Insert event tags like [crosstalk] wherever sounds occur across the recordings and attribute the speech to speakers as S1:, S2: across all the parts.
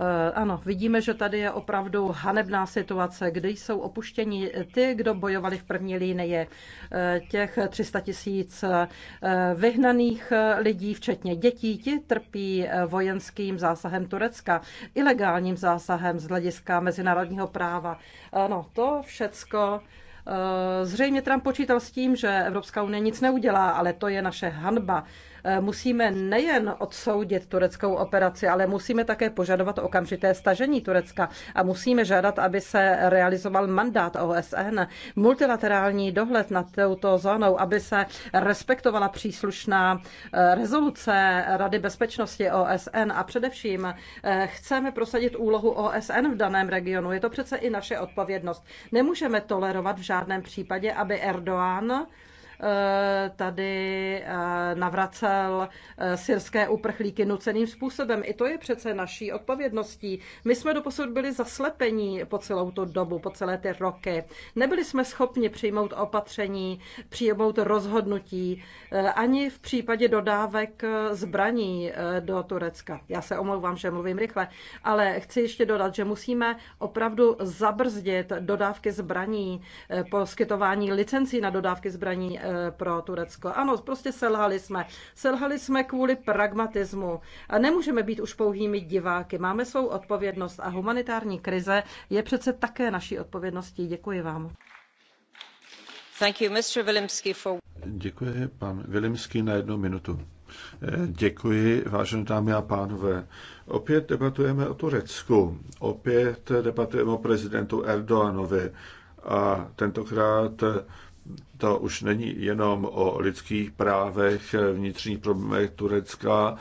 S1: Eh, ano, vidíme, že tady je opravdu hanebná situace, kdy jsou opuštěni ty, kdo bojovali v první linii, eh, těch 300 tisíc eh, vyhnaných lidí, včetně dětí, ti trpí vojenským zásahem Turecka, ilegálním zásahem z hlediska mezinárodního práva. Ano, to všecko Zřejmě Trump počítal s tím, že Evropská unie nic neudělá, ale to je naše hanba. Eh, musíme nejen odsoudit tureckou operaci, ale musíme také požadovat okamžité stažení Turecka a musíme žádat, aby se realizoval mandát OSN, multilaterální dohled nad touto zónou, aby se respektovala příslušná eh, rezoluce Rady bezpečnosti OSN a především eh, chceme prosadit úlohu OSN v daném regionu. Je to přece i naše odpovědnost. Nemůžeme tolerovat v žádném případě, aby Erdoğan Eh, tady eh, navracel eh, syrské uprchlíky nuceným způsobem. I to je přece naší odpovědností. My jsme doposud byli zaslepení po celou tu dobu, po celé ty roky. Nebyli jsme schopni přijmout opatření, přijmout rozhodnutí, ani v případě dodávek zbraní do Turecka. Já se omlouvám, že mluvím rychle, ale chci ještě dodat, že musíme opravdu zabrzdit dodávky zbraní, poskytování licencí na dodávky zbraní Eh, pro Turecko. Ano, prostě selhali jsme. Selhali jsme kvůli pragmatismu. A nemůžeme být už pouhými diváky. Máme svou odpovědnost a humanitární krize je přece také naší odpovědností. Děkuji vám. Thank you, Mr. for...
S2: Děkuji, pan Vilimský, na jednu minutu. Eh, děkuji, vážené dámy a pánové. Opět debatujeme o Turecku, opět debatujeme o prezidentu Erdoanovi a tentokrát to už není jenom o lidských právech, vnitřních problémech Turecka.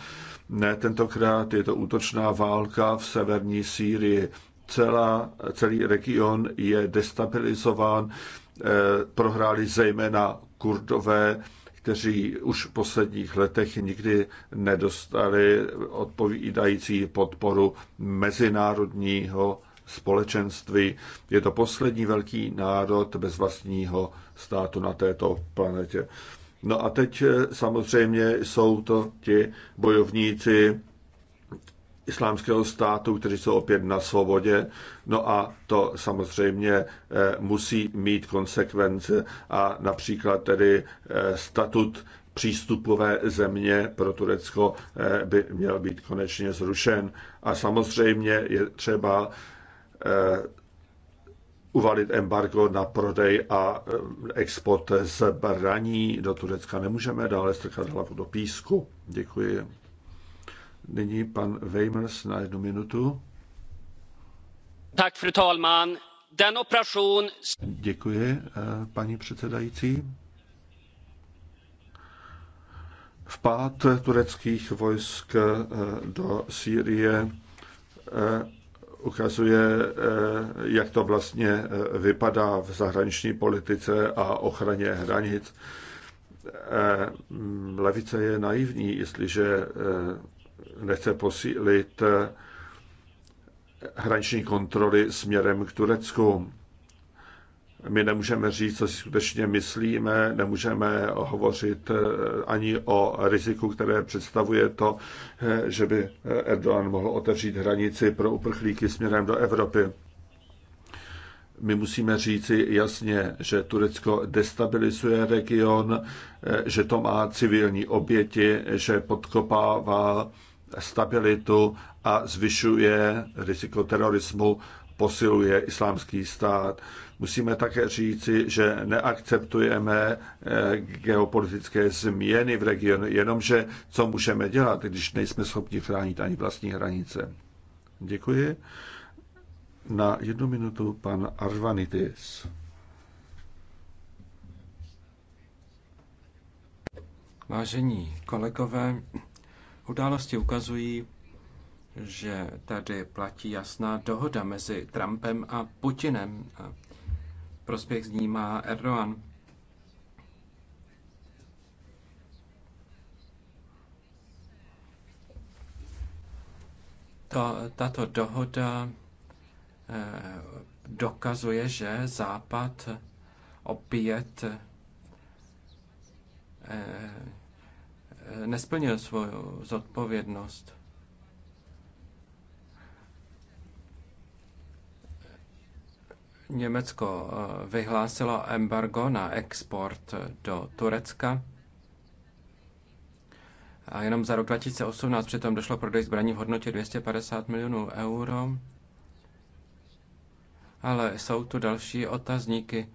S2: Ne, tentokrát je to útočná válka v severní Sýrii. Celá, celý region je destabilizován, eh, prohráli zejména kurdové, kteří už v posledních letech nikdy nedostali odpovídající podporu mezinárodního společenství. Je to poslední velký národ bez vlastního státu na této planetě. No a teď eh, samozřejmě jsou to ti bojovníci islámského státu, kteří jsou opět na svobodě. No a to samozřejmě eh, musí mít konsekvence a například tedy eh, statut přístupové země pro Turecko by měl být konečně zrušen. A samozřejmě je třeba Eh, uvalit embargo na prodej a eh, export zbraní do Turecka. Nemůžeme dále strkat hlavu do písku. Děkuji. Nyní pan Weimers na jednu minutu. Tak,
S1: fru talman. Den operation...
S2: Děkuji, eh, paní předsedající. Vpád tureckých vojsk do Sýrie ukazuje, eh, jak to vlastně eh, vypadá v zahraniční politice a ochraně hranic. Eh, levice je naivní, jestliže nechce posílit hraniční kontroly směrem k Turecku. My nemůžeme říct, co si skutečně myslíme, nemůžeme hovořit eh, ani o riziku, které představuje to, eh, že by eh, Erdogan mohl otevřít hranici pro uprchlíky směrem do Evropy. My musíme říci jasně, že Turecko destabilizuje region, že to má civilní oběti, že podkopává stabilitu a zvyšuje riziko terorismu posiluje islámský stát. Musíme také říci, že neakceptujeme eh, geopolitické změny v regionu, jenomže co můžeme dělat, když nejsme schopni chránit ani vlastní hranice. Děkuji. Na jednu minutu pan Arvanitis. Vážení kolegové, události
S3: ukazují, že tady platí jasná dohoda mezi Trumpem a Putinem. A prospěch z ní má Erdogan. To, tato dohoda eh, dokazuje, že Západ opět eh, eh, nesplnil svou zodpovědnost. Německo eh, vyhlásilo embargo na export eh, do Turecka. A jenom za rok 2018 přitom došlo prodej zbraní v hodnotě 250 milionů euro. Ale jsou tu další otazníky,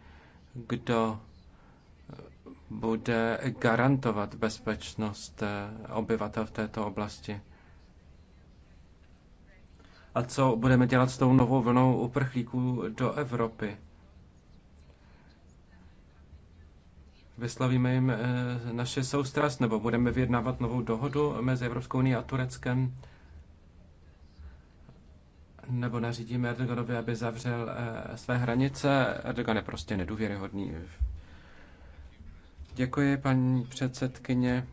S3: kdo eh, bude garantovat bezpečnost obyvatel v této oblasti a co budeme dělat s tou novou vlnou uprchlíků do Evropy. Vyslavíme jim eh, naše soustrast nebo budeme vyjednávat novou dohodu mezi Evropskou unii a Tureckem nebo nařídíme Erdoganovi, aby zavřel eh, své hranice. Erdogan je prostě nedůvěryhodný. Děkuji, paní předsedkyně.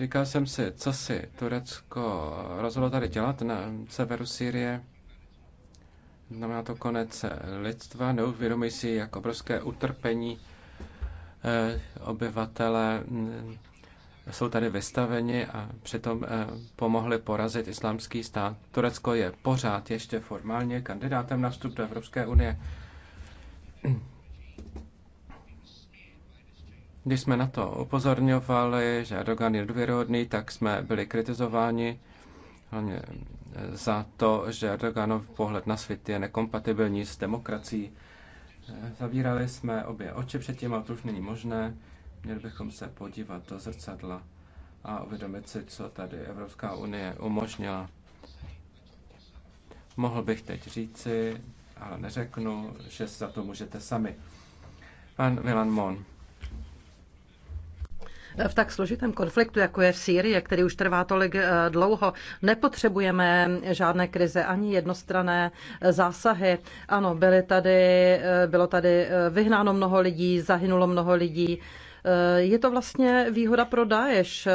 S3: Říkal jsem si, co si Turecko rozhodlo tady dělat na severu Sýrie. Znamená to konec lidstva, neuvědomují si, jak obrovské utrpení eh, obyvatele mm, jsou tady vystaveni a přitom eh, pomohli porazit islámský stát. Turecko je pořád ještě formálně kandidátem na vstup do Evropské unie. Když jsme na to upozorňovali, že Erdogan je důvěrohodný, tak jsme byli kritizováni hlavně eh, za to, že Erdoganov pohled na svět je nekompatibilní s demokracií. Eh, zavírali jsme obě oči před tím, ale to už není možné. Měli bychom se podívat do zrcadla a uvědomit si, co tady Evropská unie umožnila. Mohl bych teď říci, ale neřeknu, že za to můžete sami. Pan Milan Mon
S1: v tak složitém konfliktu, jako je v Sýrii, který už trvá tolik eh, dlouho, nepotřebujeme žádné krize ani jednostrané eh, zásahy. Ano, byly tady, eh, bylo tady vyhnáno mnoho lidí, zahynulo mnoho lidí. Je to vlastně výhoda pro Daesh,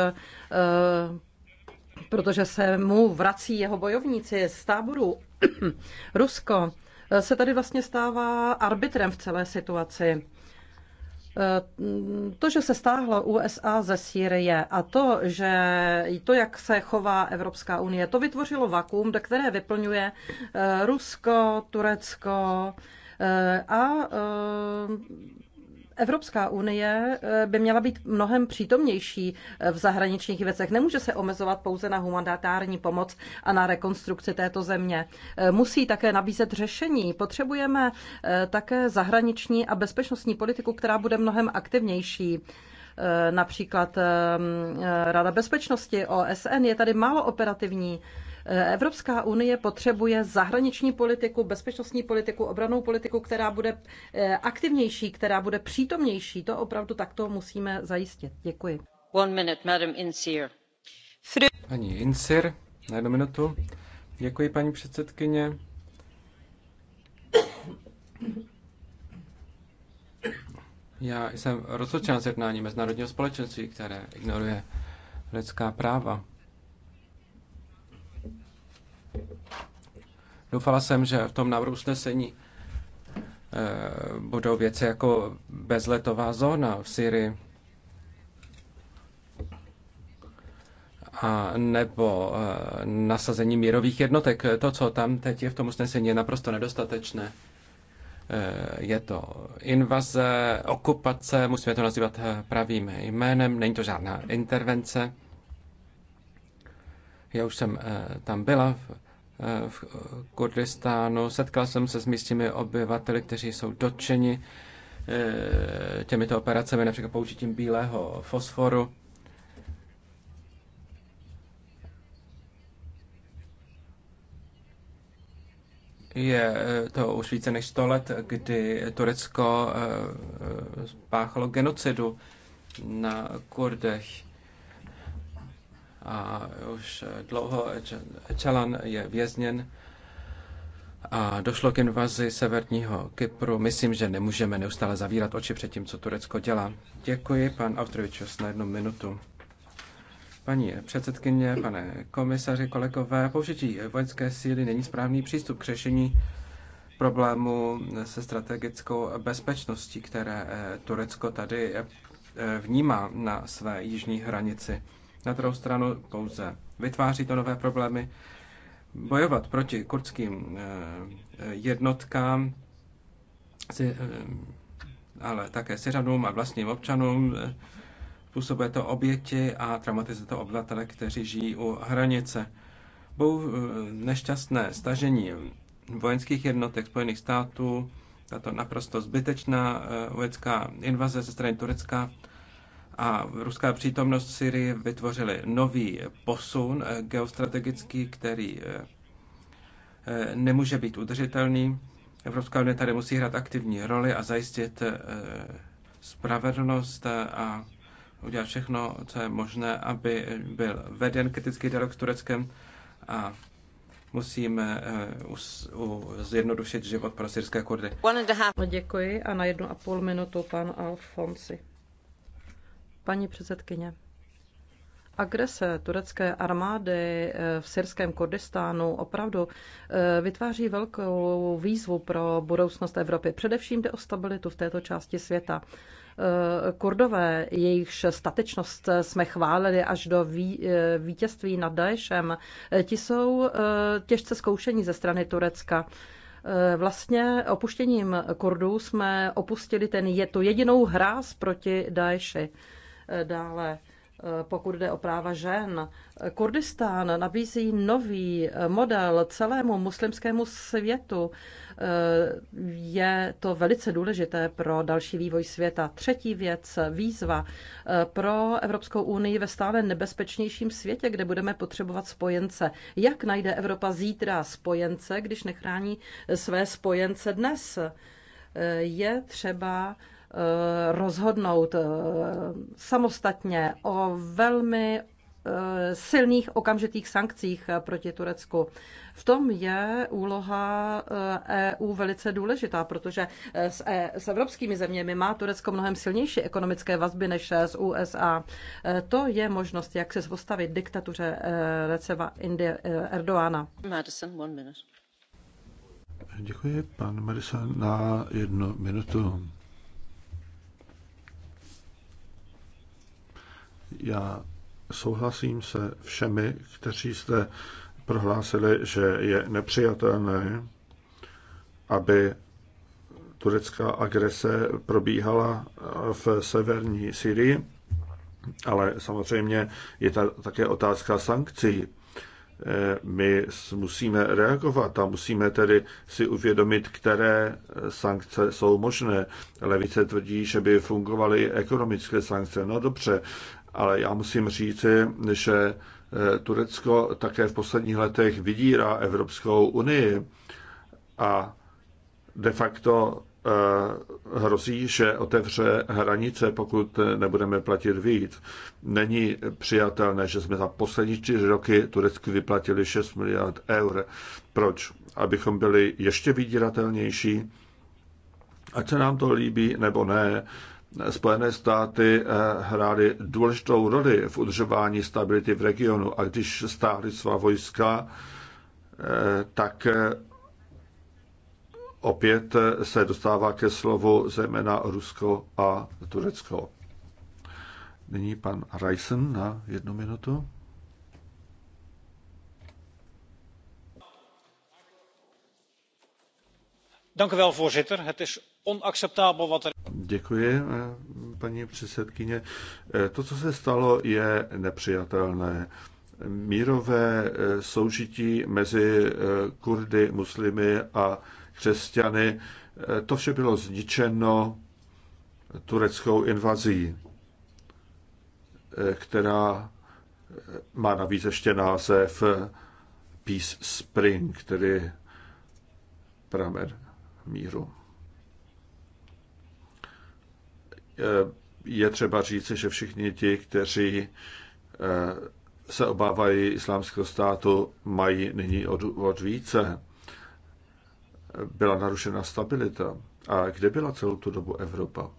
S1: protože se mu vrací jeho bojovníci z táboru. [clears throat] Rusko se tady vlastně stává arbitrem v celé situaci. Eh, to, že se stáhlo USA ze Sýrie a to, že to, jak se chová Evropská unie, to vytvořilo vakuum, které vyplňuje eh, Rusko, Turecko eh, a Evropská unie eh, by měla být mnohem přítomnější eh, v zahraničních věcech. Nemůže se omezovat pouze na humanitární pomoc a na rekonstrukci této země. Eh, musí také nabízet řešení. Potřebujeme také zahraniční a bezpečnostní politiku, která bude mnohem aktivnější například ehm, Rada bezpečnosti OSN je tady málo operativní. Evropská unie potřebuje zahraniční politiku, bezpečnostní politiku, obranou politiku, která bude eh, aktivnější, která bude přítomnější. To opravdu takto musíme zajistit. Děkuji. One minute, Madam Insir.
S3: Paní Insir, na jednu minutu. Děkuji, paní předsedkyně. Já jsem rozhodčen z jednání mezinárodního společenství, které ignoruje lidská práva. Doufala jsem, že v tom návrhu usnesení eh, budou věci jako bezletová zóna v Syrii a nebo eh, nasazení mírových jednotek. To, co tam teď je v tom usnesení, je naprosto nedostatečné. Eh, je to invaze, okupace, musíme to nazývat pravým jménem, není to žádná intervence. Já už jsem eh, tam byla v, eh, v Kurdistánu, setkal jsem se s místními obyvateli, kteří jsou dotčeni eh, těmito operacemi, například použitím bílého fosforu. Je to už více než 100 let, kdy Turecko spáchalo genocidu na Kurdech a už dlouho Čelan je vězněn a došlo k invazi severního Kypru. Myslím, že nemůžeme neustále zavírat oči před tím, co Turecko dělá. Děkuji, pan Autrovič, na jednu minutu. Paní předsedkyně, pane komisaři, kolegové, použití vojenské síly není správný přístup k řešení problému se strategickou bezpečností, které Turecko tady vnímá na své jižní hranici. Na druhou stranu pouze vytváří to nové problémy. Bojovat proti kurdským eh, jednotkám eh, ale také Syřanům a vlastním občanům eh, Působuje to oběti a traumatizuje to obyvatele, kteří žijí u hranice. Bohu nešťastné stažení vojenských jednotek Spojených států, tato naprosto zbytečná vojenská invaze ze strany Turecka a ruská přítomnost v Syrii vytvořily nový posun eh, geostrategický, který eh, eh, nemůže být udržitelný. Evropská unie tady musí hrát aktivní roli a zajistit spravedlnost a udělat všechno, co je možné, aby byl veden kritický dialog s Tureckem a musíme zjednodušit život pro syrské kurdy.
S1: Děkuji a na jednu a půl minutu pan Alfonsi. Paní předsedkyně, agrese turecké armády eh, v syrském Kurdistánu opravdu eh, vytváří velkou výzvu pro budoucnost Evropy. Především jde o stabilitu v této části světa. Eh, Kurdové, jejichž statečnost jsme chválili až do vítězství nad Daešem, ti jsou těžce zkoušení ze strany Turecka. Vlastně opuštěním Kurdů jsme opustili ten, je to jedinou hráz proti Daeši. Dále, eh, pokud jde o práva žen, Kurdistán nabízí nový eh, model celému muslimskému světu. Eh, je to velice důležité pro další vývoj světa. Třetí věc, výzva pro Evropskou unii ve stále nebezpečnějším světě, kde budeme potřebovat spojence. Jak najde Evropa zítra spojence, když nechrání své spojence dnes? Je třeba Eh, rozhodnout eh, samostatně o velmi eh, silných okamžitých sankcích proti Turecku. V tom je úloha EU e velice důležitá, protože s, e, s evropskými zeměmi má Turecko mnohem silnější ekonomické vazby než s USA. To je možnost, jak se postavit diktatuře Receva Erdoána. Madison, one minute.
S2: Děkuji, pan Madison, na jednu minutu. Já souhlasím se všemi, kteří jste prohlásili, že je nepřijatelné, aby turecká agrese probíhala v severní Syrii, ale samozřejmě je ta také otázka sankcí. Eh, my musíme reagovat a musíme tedy si uvědomit, které sankce jsou možné. Levice tvrdí, že by fungovaly ekonomické sankce. No dobře, ale já musím říci, že eh, Turecko také v posledních letech vydírá Evropskou unii a de facto eh, hrozí, že otevře hranice, pokud nebudeme platit víc. Není přijatelné, že jsme za poslední čtyři roky Turecku vyplatili 6 miliard eur. Proč? Abychom byli ještě vydíratelnější, ať se nám to líbí nebo ne, Spojené státy eh, hrály důležitou roli v udržování stability v regionu a když stáhly svá vojska, eh, tak eh, opět se dostává ke slovu zejména Rusko a Turecko. Nyní pan Reisen na jednu minutu.
S1: Dank u wel, voorzitter. Het is
S2: Děkuji, eh, paní předsedkyně. Eh, to, co se stalo, je nepřijatelné. Mírové eh, soužití mezi Kurdy, muslimy a křesťany, to vše bylo zničeno tureckou invazí, která má navíc ještě název Peace Spring, tedy pramen míru. Eh, je třeba říci, že všichni ti, kteří eh, se obávají islámského státu, mají nyní odvod více. Byla narušena stabilita. A kde byla celou tu dobu Evropa?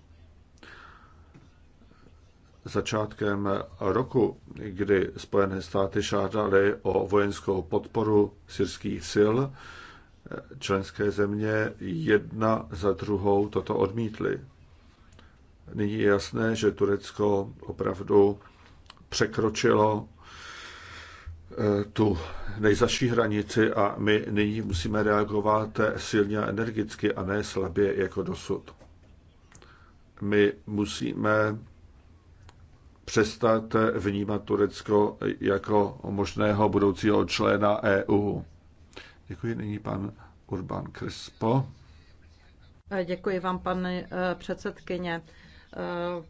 S2: Začátkem roku, kdy Spojené státy žádaly o vojenskou podporu syrských sil, eh, členské země jedna za druhou toto odmítly. Nyní je jasné, že Turecko opravdu překročilo eh, tu nejzaší hranici a my nyní musíme reagovat silně a energicky a ne slabě jako dosud. My musíme přestat vnímat Turecko jako možného budoucího člena EU. Děkuji nyní pan Urban Crespo.
S1: Děkuji vám, pane eh, předsedkyně.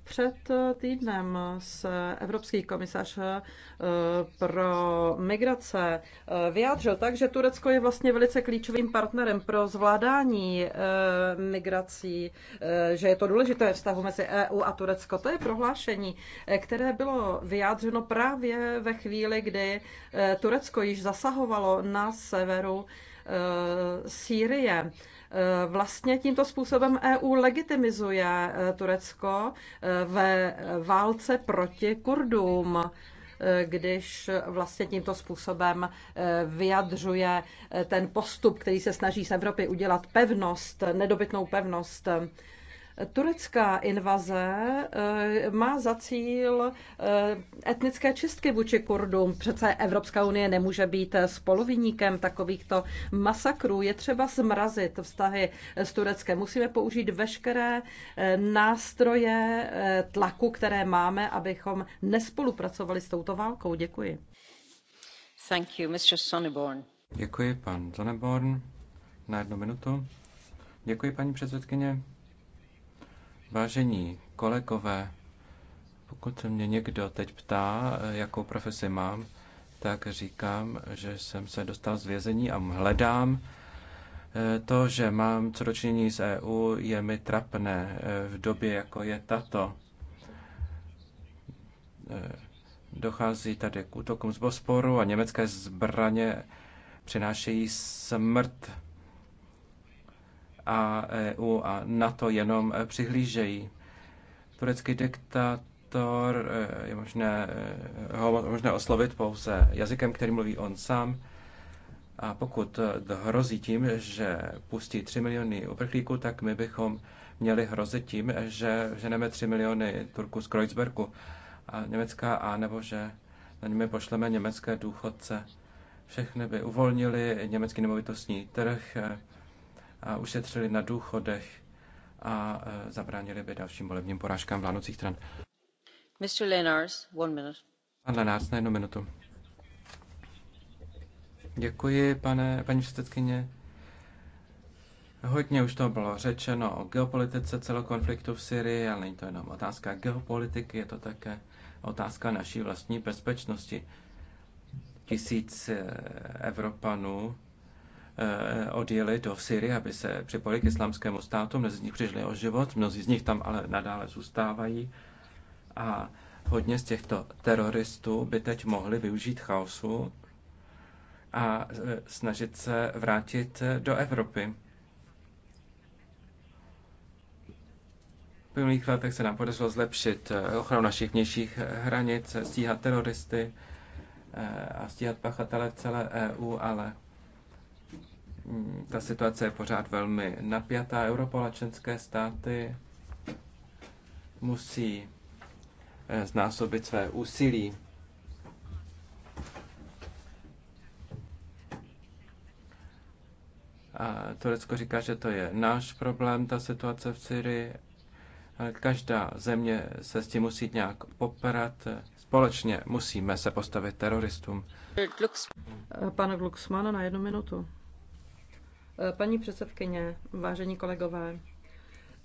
S1: Před týdnem se Evropský komisař eh, pro migrace eh, vyjádřil tak, že Turecko je vlastně velice klíčovým partnerem pro zvládání eh, migrací, že je to důležité vztahu mezi EU a Turecko. To je prohlášení, které bylo vyjádřeno právě ve chvíli, kdy Turecko již zasahovalo na severu Sýrie. Eh, vlastně tímto způsobem EU legitimizuje eh, Turecko eh, ve válce proti Kurdům když vlastně tímto způsobem vyjadřuje ten postup, který se snaží z Evropy udělat pevnost, nedobytnou pevnost. Turecká invaze eh, má za cíl eh, etnické čistky vůči Kurdům. Přece Evropská unie nemůže být eh, spoluviníkem takovýchto masakrů. Je třeba zmrazit vztahy s Tureckem. Musíme použít veškeré nástroje tlaku, které máme, abychom nespolupracovali s touto válkou. Děkuji. Thank you, Mr. Sonneborn.
S3: Děkuji, pan Sonneborn. Na jednu minutu. Děkuji, paní předsedkyně. Vážení kolegové, pokud se mě někdo teď ptá, jakou profesi mám, tak říkám, že jsem se dostal z vězení a hledám. To, že mám co dočinění z EU, je mi trapné v době, jako je tato. Dochází tady k útokům z Bosporu a německé zbraně přinášejí smrt a EU a NATO jenom eh, přihlížejí. Turecký diktátor eh, je možné, eh, ho možné oslovit pouze jazykem, který mluví on sám. A pokud hrozí tím, že pustí 3 miliony uprchlíků, tak my bychom měli hrozit tím, že ženeme 3 miliony Turků z Kreuzbergu a Německa, a nebo že na nimi pošleme německé důchodce. Všechny by uvolnili německý nemovitostní trh, a ušetřili na důchodech a e, zabránili by dalším volebním porážkám vládnoucích stran.
S1: Mr. Lenars, one minute.
S3: Pan Lenars na jednu minutu. Děkuji, pane, paní předsedkyně. Hodně už to bylo řečeno o geopolitice konfliktu v Syrii, ale není to jenom otázka geopolitiky, je to také otázka naší vlastní bezpečnosti. Tisíc e, Evropanů Eh, odjeli do Syrie, aby se připojili k islámskému státu. Mnozí z nich přišli o život, mnozí z nich tam ale nadále zůstávají. A hodně z těchto teroristů by teď mohli využít chaosu a eh, snažit se vrátit eh, do Evropy. V minulých letech se nám podařilo zlepšit ochranu našich vnějších hranic, stíhat teroristy a stíhat pachatele v celé EU, ale Mm, ta situace je pořád velmi napjatá. Evropa a členské státy musí eh, znásobit své úsilí. A Turecko říká, že to je náš problém, ta situace v Syrii. Každá země se s tím musí nějak poprat. Společně musíme se postavit teroristům.
S1: Pan Glucksmann na jednu minutu. Paní předsedkyně, vážení kolegové,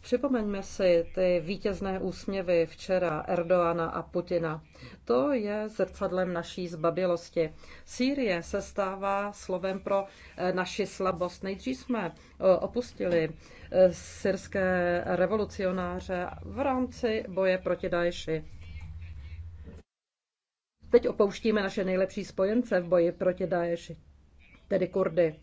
S1: Připomeňme si ty vítězné úsměvy včera Erdoana a Putina. To je zrcadlem naší zbabilosti. Sýrie se stává slovem pro eh, naši slabost. Nejdřív jsme eh, opustili eh, syrské revolucionáře v rámci boje proti Daeši. Teď opouštíme naše nejlepší spojence v boji proti Daeši, tedy Kurdy.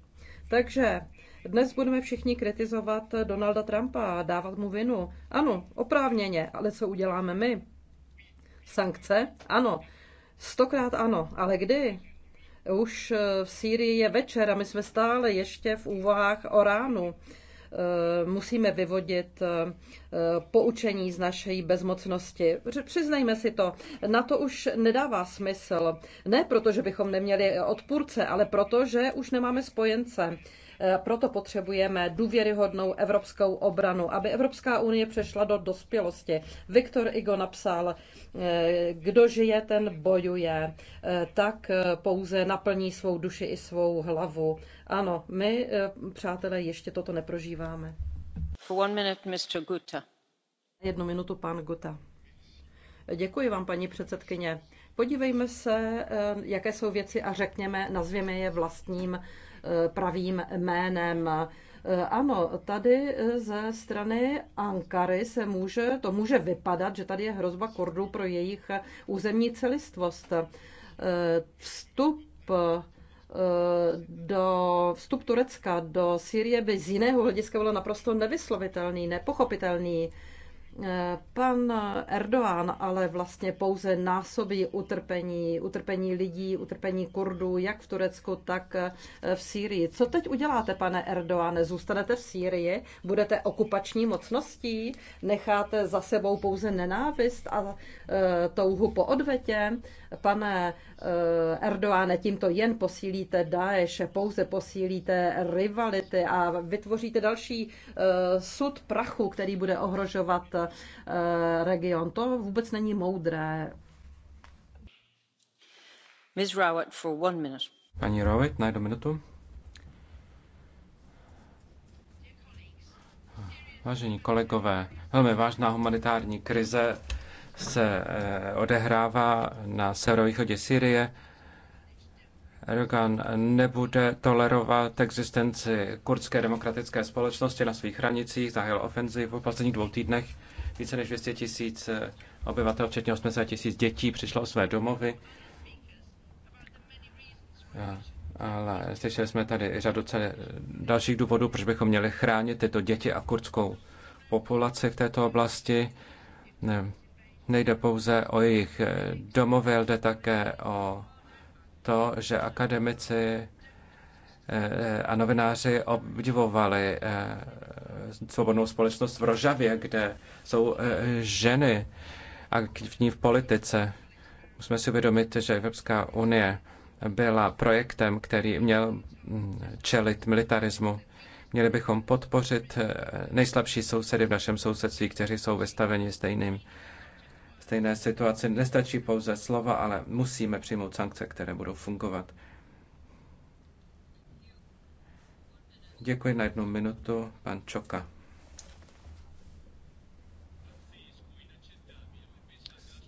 S1: Takže dnes budeme všichni kritizovat Donalda Trumpa a dávat mu vinu. Ano, oprávněně, ale co uděláme my? Sankce? Ano. Stokrát ano, ale kdy? Už eh, v Sýrii je večer a my jsme stále ještě v úvahách o ránu. Eh, musíme vyvodit eh, poučení z naší bezmocnosti. Přiznejme si to, na to už nedává smysl. Ne proto, že bychom neměli odpůrce, ale proto, že už nemáme spojence. Eh, proto potřebujeme důvěryhodnou evropskou obranu, aby Evropská unie přešla do dospělosti. Viktor Igo napsal, eh, kdo žije, ten bojuje, eh, tak pouze naplní svou duši i svou hlavu. Ano, my, přátelé, ještě toto neprožíváme. one minute, Mr. Guta. Jednu minutu, pan Guta. Děkuji vám, paní předsedkyně. Podívejme se, jaké jsou věci a řekněme, nazvěme je vlastním Eh, pravým jménem. Eh, ano, tady eh, ze strany Ankary se může, to může vypadat, že tady je hrozba kordů pro jejich územní celistvost. Vstup do vstup Turecka do Sýrie by z jiného hlediska bylo naprosto nevyslovitelný, nepochopitelný. Pan Erdoğan ale vlastně pouze násobí utrpení, utrpení lidí, utrpení Kurdů, jak v Turecku, tak eh, v Sýrii. Co teď uděláte, pane Erdoğane? Zůstanete v Sýrii? Budete okupační mocností? Necháte za sebou pouze nenávist a eh, touhu po odvetě? Pane Eh, Erdoáne, tímto jen posílíte Daesh, pouze posílíte rivality a vytvoříte další eh, sud prachu, který bude ohrožovat eh, region. To vůbec není moudré. Ms. Rowett for one
S3: minute. Paní Rowett, na jednu minutu. Vážení kolegové, velmi vážná humanitární krize se eh, odehrává na severovýchodě Syrie. Erdogan nebude tolerovat existenci kurdské demokratické společnosti na svých hranicích, zahájil ofenzivu v posledních dvou týdnech. Více než 200 tisíc eh, obyvatel, včetně 80 tisíc dětí, přišlo o své domovy. Eh, ale slyšeli jsme tady řadu celé dalších důvodů, proč bychom měli chránit tyto děti a kurdskou populaci v této oblasti. Ne. Nejde pouze o jejich eh, domovy, ale jde také o to, že akademici eh, eh, a novináři obdivovali svobodnou společnost v Rožavě, kde jsou ženy aktivní v politice. Musíme si uvědomit, že Evropská unie byla projektem, který měl hm, čelit militarismu. Měli bychom podpořit nejslabší sousedy v našem sousedství, kteří jsou vystaveni stejným stejné situaci. Nestačí pouze slova, ale musíme přijmout sankce, které budou fungovat. Děkuji na jednu minutu, pan Čoka.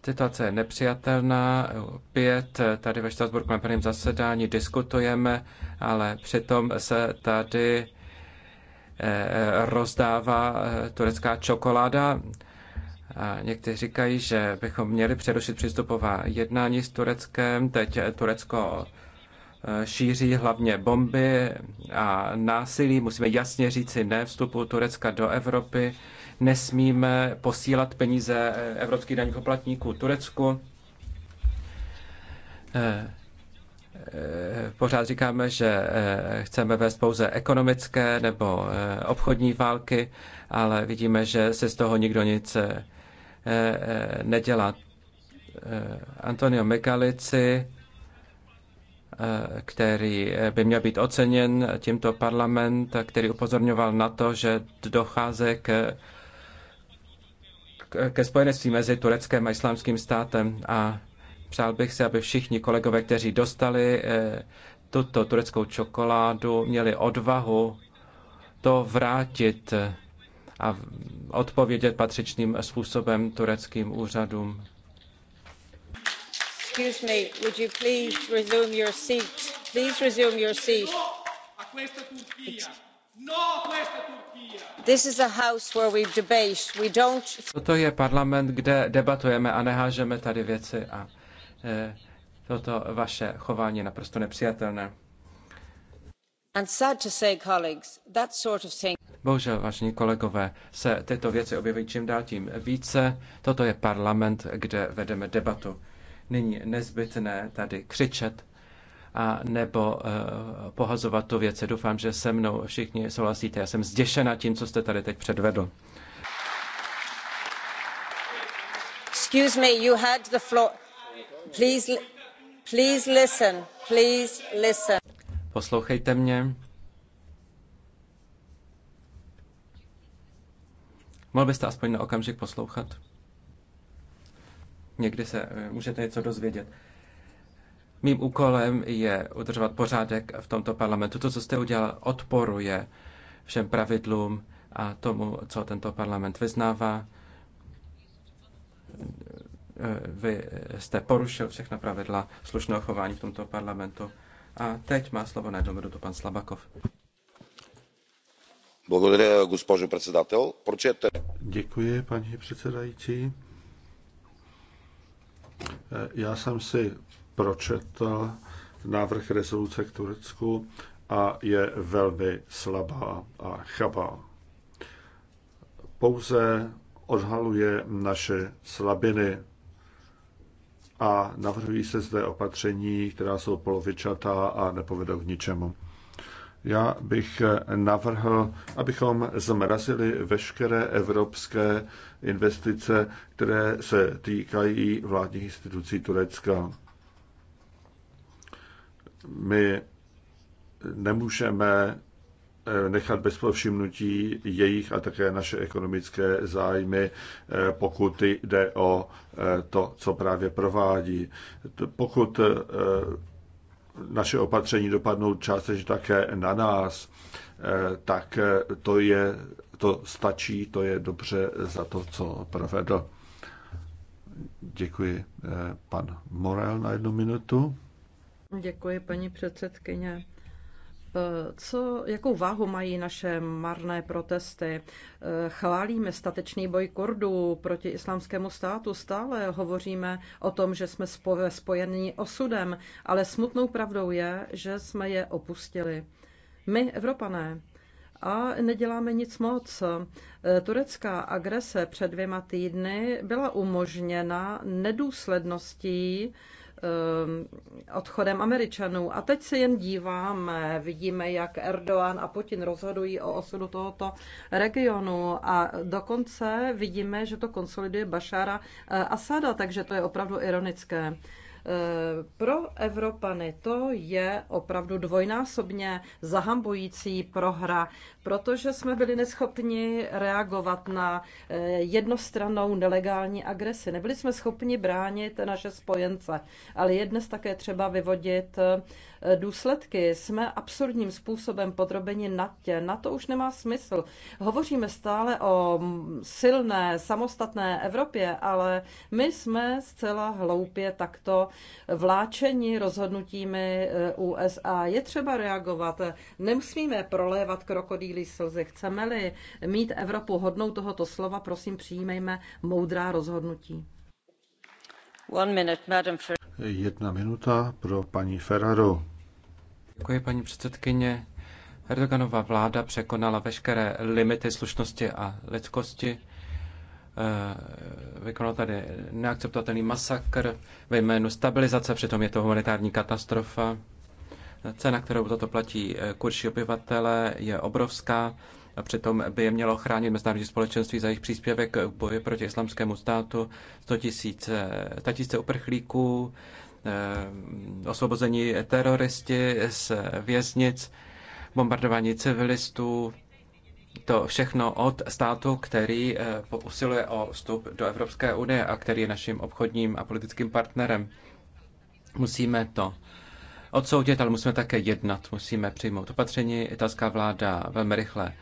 S3: Situace je nepřijatelná. Pět tady ve Štrasburku na prvním zasedání diskutujeme, ale přitom se tady eh, rozdává eh, turecká čokoláda. A někteří říkají, že bychom měli přerušit přístupová jednání s Tureckem. Teď Turecko e, šíří hlavně bomby a násilí. Musíme jasně říci ne vstupu Turecka do Evropy. Nesmíme posílat peníze e, evropských daných poplatníků Turecku. E, pořád říkáme, že chceme vést pouze ekonomické nebo obchodní války, ale vidíme, že se z toho nikdo nic Eh, nedělá. Eh, Antonio Megalici, eh, který by měl být oceněn tímto parlament, který upozorňoval na to, že dochází k ke spojenectví mezi tureckým a islámským státem a přál bych si, aby všichni kolegové, kteří dostali tuto tureckou čokoládu, měli odvahu to vrátit a odpovědět patřičným způsobem tureckým úřadům. Toto je parlament, kde debatujeme a nehážeme tady věci a e, toto vaše chování je naprosto nepřijatelné.
S1: And sad to say, colleagues, that sort of thing...
S3: Bohužel, vážení kolegové, se tyto věci objeví čím dál tím více. Toto je parlament, kde vedeme debatu. Není nezbytné tady křičet a nebo uh, pohazovat tu věci. Doufám, že se mnou všichni souhlasíte. Já jsem zděšena tím, co jste tady teď předvedl.
S1: Excuse me, you had the floor. Please, please listen, please listen.
S3: Poslouchejte mě. Mohl byste aspoň na okamžik poslouchat? Někdy se eh, můžete něco dozvědět. Mým úkolem je udržovat pořádek v tomto parlamentu. To, co jste udělal, odporuje všem pravidlům a tomu, co tento parlament vyznává. Eh, vy jste porušil všechna pravidla slušného chování v tomto parlamentu. A teď má slovo na jednu minutu pan Slabakov.
S2: Děkuji, paní předsedající. Já jsem si pročetl návrh rezoluce k Turecku a je velmi slabá a chabá. Pouze odhaluje naše slabiny a navrhují se zde opatření, která jsou polovičatá a nepovedou k ničemu. Já bych navrhl, abychom zmrazili veškeré evropské investice, které se týkají vládních institucí Turecka. My nemůžeme eh, nechat bez povšimnutí jejich a také naše ekonomické zájmy, eh, pokud jde o eh, to, co právě provádí. Pokud naše opatření dopadnou částečně také na nás, eh, tak eh, to je, to stačí, to je dobře za to, co provedl. Děkuji. Eh, pan Morel na jednu minutu.
S1: Děkuji, paní předsedkyně. Eh, co, jakou váhu mají naše marné protesty? Eh, chválíme statečný boj Kurdů proti islámskému státu, stále hovoříme o tom, že jsme spojeni osudem, ale smutnou pravdou je, že jsme je opustili. My, Evropané, a neděláme nic moc. Eh, turecká agrese před dvěma týdny byla umožněna nedůsledností Eh, odchodem Američanů. A teď se jen díváme, vidíme, jak Erdogan a Putin rozhodují o osudu tohoto regionu a dokonce vidíme, že to konsoliduje Bašára eh, Asada, takže to je opravdu ironické. Eh, pro Evropany to je opravdu dvojnásobně zahambující prohra, protože jsme byli neschopni reagovat na eh, jednostrannou nelegální agresi. Nebyli jsme schopni bránit naše spojence, ale je dnes také třeba vyvodit eh, důsledky, jsme absurdním způsobem podrobeni tě. Na to už nemá smysl. Hovoříme stále o silné, samostatné Evropě, ale my jsme zcela hloupě takto vláčeni rozhodnutími eh, USA. Je třeba reagovat. Nemusíme prolévat krokodýlí slzy. Chceme-li mít Evropu hodnou tohoto slova, prosím, přijímejme moudrá rozhodnutí. One minute, madam.
S2: Jedna minuta pro paní Ferraro.
S3: Děkuji, paní předsedkyně. Erdoganova vláda překonala veškeré limity slušnosti a lidskosti. Eh, vykonal tady neakceptovatelný masakr ve jménu stabilizace, přitom je to humanitární katastrofa. Cena, kterou toto platí eh, kurši obyvatele, je obrovská a přitom by je mělo chránit mezinárodní společenství za jejich příspěvek k boji proti islamskému státu. 100 000, 100 tisíce uprchlíků, Eh, osvobození teroristi z věznic, bombardování civilistů, to všechno od státu, který eh, usiluje o vstup do Evropské unie a který je naším obchodním a politickým partnerem. Musíme to odsoudit, ale musíme také jednat, musíme přijmout opatření. Italská vláda velmi rychle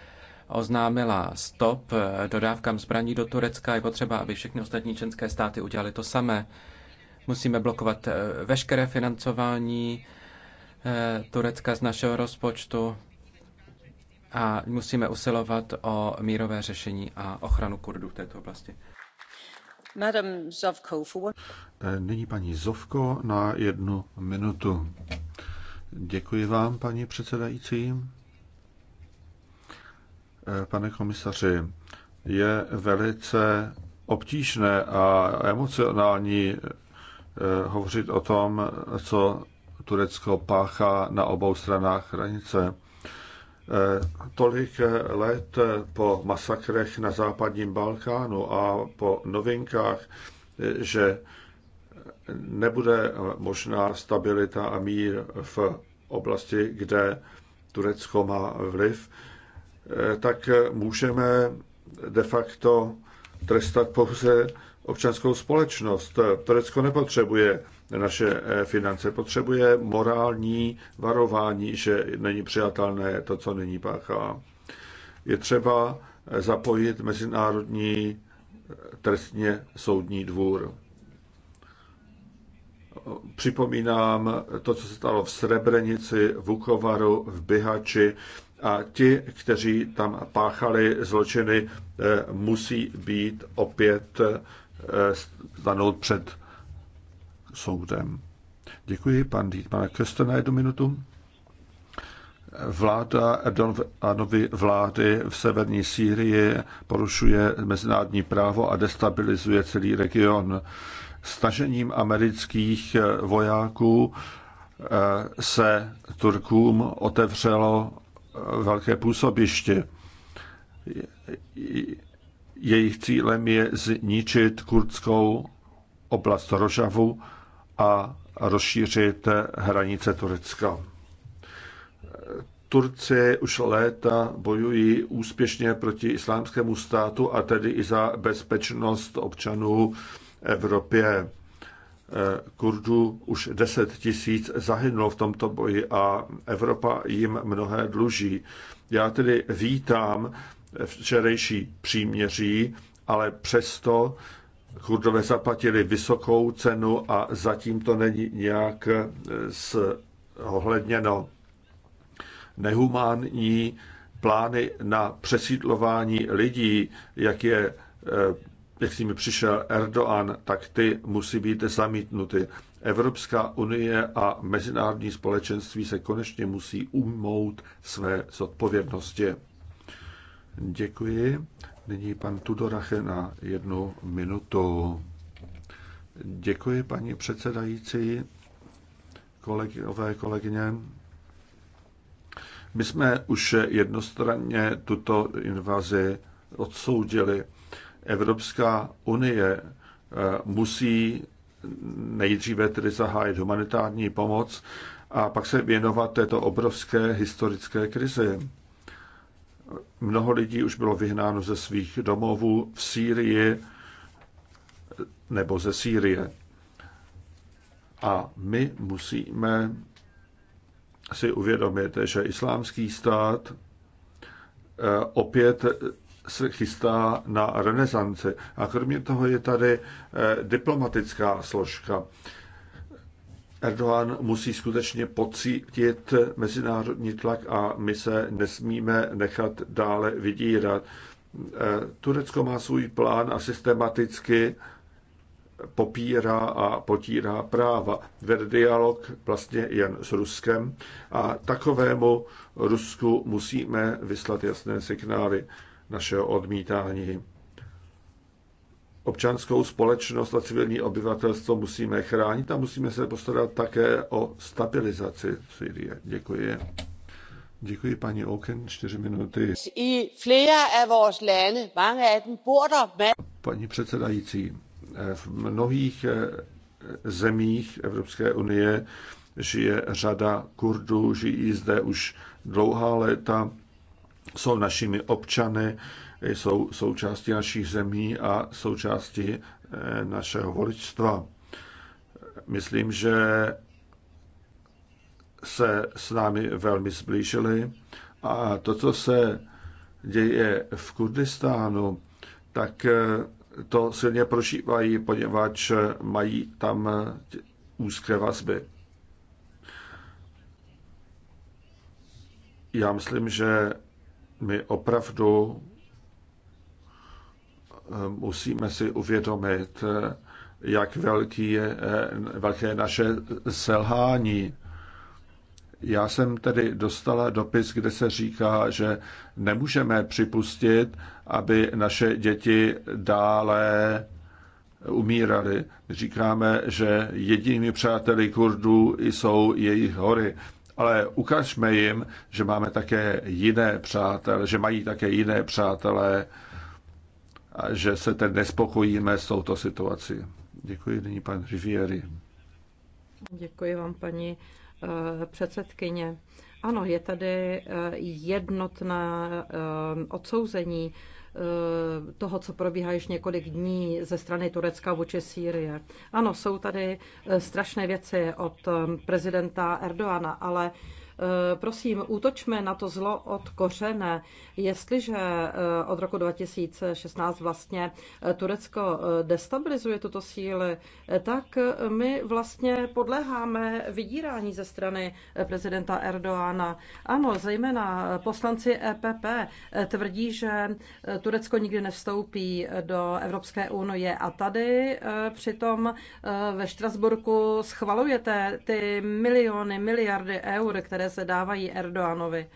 S3: oznámila stop eh, dodávkám zbraní do Turecka. Je potřeba, aby všechny ostatní členské státy udělali to samé. Musíme blokovat eh, veškeré financování eh, Turecka z našeho rozpočtu a musíme usilovat o mírové řešení a ochranu Kurdů v této oblasti.
S2: Eh, nyní paní Zovko na jednu minutu. Děkuji vám, paní předsedající. Pane komisaři, je velice obtížné a emocionální Eh, hovořit o tom, co Turecko páchá na obou stranách hranice. Eh, tolik let po masakrech na západním Balkánu a po novinkách, eh, že nebude možná stabilita a mír v oblasti, kde Turecko má vliv, tak můžeme de facto trestat pouze občanskou společnost. Turecko nepotřebuje naše eh, finance, potřebuje morální varování, že není přijatelné to, co nyní páchá. Je třeba eh, zapojit Mezinárodní eh, trestně soudní dvůr. Připomínám to, co se stalo v Srebrenici, v Vukovaru, v Bihači a ti, kteří tam páchali zločiny, musí být opět stanout před soudem. Děkuji, pan Dietmar Köster na jednu minutu. Vláda Erdoganovy vlády v severní Sýrii porušuje mezinárodní právo a destabilizuje celý region. Stažením amerických vojáků eh, se Turkům otevřelo velké působiště jejich cílem je zničit kurdskou oblast Rožavu a rozšířit hranice Turecka. Turci už léta bojují úspěšně proti islámskému státu a tedy i za bezpečnost občanů Evropě. Kurdů už 10 tisíc zahynulo v tomto boji a Evropa jim mnohé dluží. Já tedy vítám včerejší příměří, ale přesto Kurdové zaplatili vysokou cenu a zatím to není nějak eh, ohledněno. Nehumánní plány na přesídlování lidí, jak je eh, jak s nimi přišel Erdoğan, tak ty musí být zamítnuty. Evropská unie a mezinárodní společenství se konečně musí umout své zodpovědnosti. Děkuji. Nyní pan Tudorache na jednu minutu. Děkuji, paní předsedající, kolegové, kolegyně. My jsme už jednostranně tuto invazi odsoudili. Evropská unie eh, musí nejdříve tedy zahájit humanitární pomoc a pak se věnovat této obrovské historické krizi Mnoho lidí už bylo vyhnáno ze svých domovů v Sýrii nebo ze Sýrie. A my musíme si uvědomit, že islámský stát eh, opět se chystá na renesanci. A kromě toho je tady eh, diplomatická složka. Erdogan musí skutečně pocítit mezinárodní tlak a my se nesmíme nechat dále vydírat. Eh, Turecko má svůj plán a systematicky popírá a potírá práva. Vede dialog vlastně jen s Ruskem a takovému Rusku musíme vyslat jasné signály našeho odmítání občanskou společnost a civilní obyvatelstvo musíme chránit a musíme se postarat také o stabilizaci Syrie. Děkuji. Děkuji paní Oken, čtyři minuty. I Paní předsedající, eh, v mnohých eh, zemích Evropské unie žije řada Kurdů, žijí zde už dlouhá léta jsou našimi občany, jsou součástí našich zemí a součástí eh, našeho voličstva. Myslím, že se s námi velmi zblížili a to, co se děje v Kurdistánu, tak eh, to silně prožívají, poněvadž eh, mají tam úzké vazby. Já myslím, že my opravdu eh, musíme si uvědomit, eh, jak velký je, eh, velké naše selhání. Já jsem tedy dostala dopis, kde se říká, že nemůžeme připustit, aby naše děti dále umírali. Říkáme, že jedinými přáteli Kurdů jsou jejich hory ale ukažme jim, že máme také jiné přátelé, že mají také jiné přátelé a že se ten nespokojíme s touto situací. Děkuji nyní pan Rivieri.
S1: Děkuji vám, paní eh, předsedkyně. Ano, je tady eh, jednotné eh, odsouzení Eh, toho, co probíhá již několik dní ze strany Turecka vůči Sýrie. Ano, jsou tady eh, strašné věci od eh, prezidenta Erdoana, ale Eh, prosím, útočme na to zlo od kořene. Jestliže eh, od roku 2016 vlastně eh, Turecko destabilizuje tuto síly, tak my vlastně podléháme vydírání ze strany prezidenta Erdoána. Ano, zejména poslanci EPP tvrdí, že Turecko nikdy nevstoupí do Evropské unie a tady přitom ve Štrasburku schvalujete ty miliony, miliardy eur, které se dávají Erdoánovi,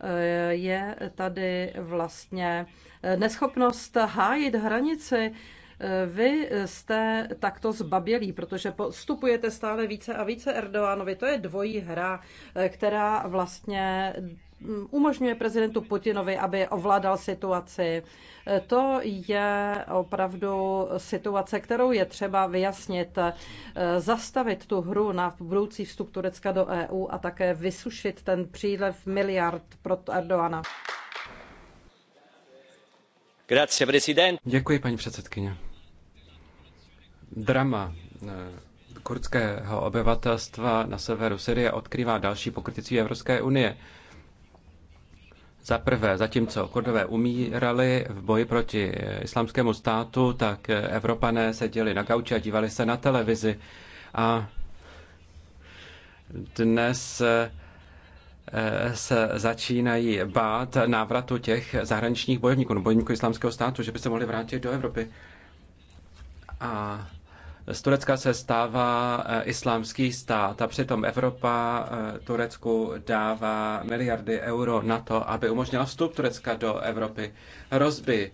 S1: eh, je tady vlastně eh, neschopnost hájit hranici. Eh, vy jste takto zbabělí, protože postupujete stále více a více Erdoánovi. To je dvojí hra, která vlastně Mm, umožňuje prezidentu Putinovi, aby ovládal situaci. E, to je opravdu situace, kterou je třeba vyjasnit, e, zastavit tu hru na budoucí vstup Turecka do EU a také vysušit ten přílev miliard pro Erdoana.
S3: Děkuji, paní předsedkyně. Drama e, kurdského obyvatelstva na severu Syrie odkrývá další pokrytectví Evropské unie. Za prvé, zatímco Kurdové umírali v boji proti eh, islamskému státu, tak eh, Evropané seděli na gauči a dívali se na televizi. A dnes eh, se začínají bát návratu těch zahraničních bojovníků, no, bojovníků islamského státu, že by se mohli vrátit do Evropy. A z Turecka se stává eh, islámský stát a přitom Evropa eh, Turecku dává miliardy euro na to, aby umožnila vstup Turecka do Evropy. Rozby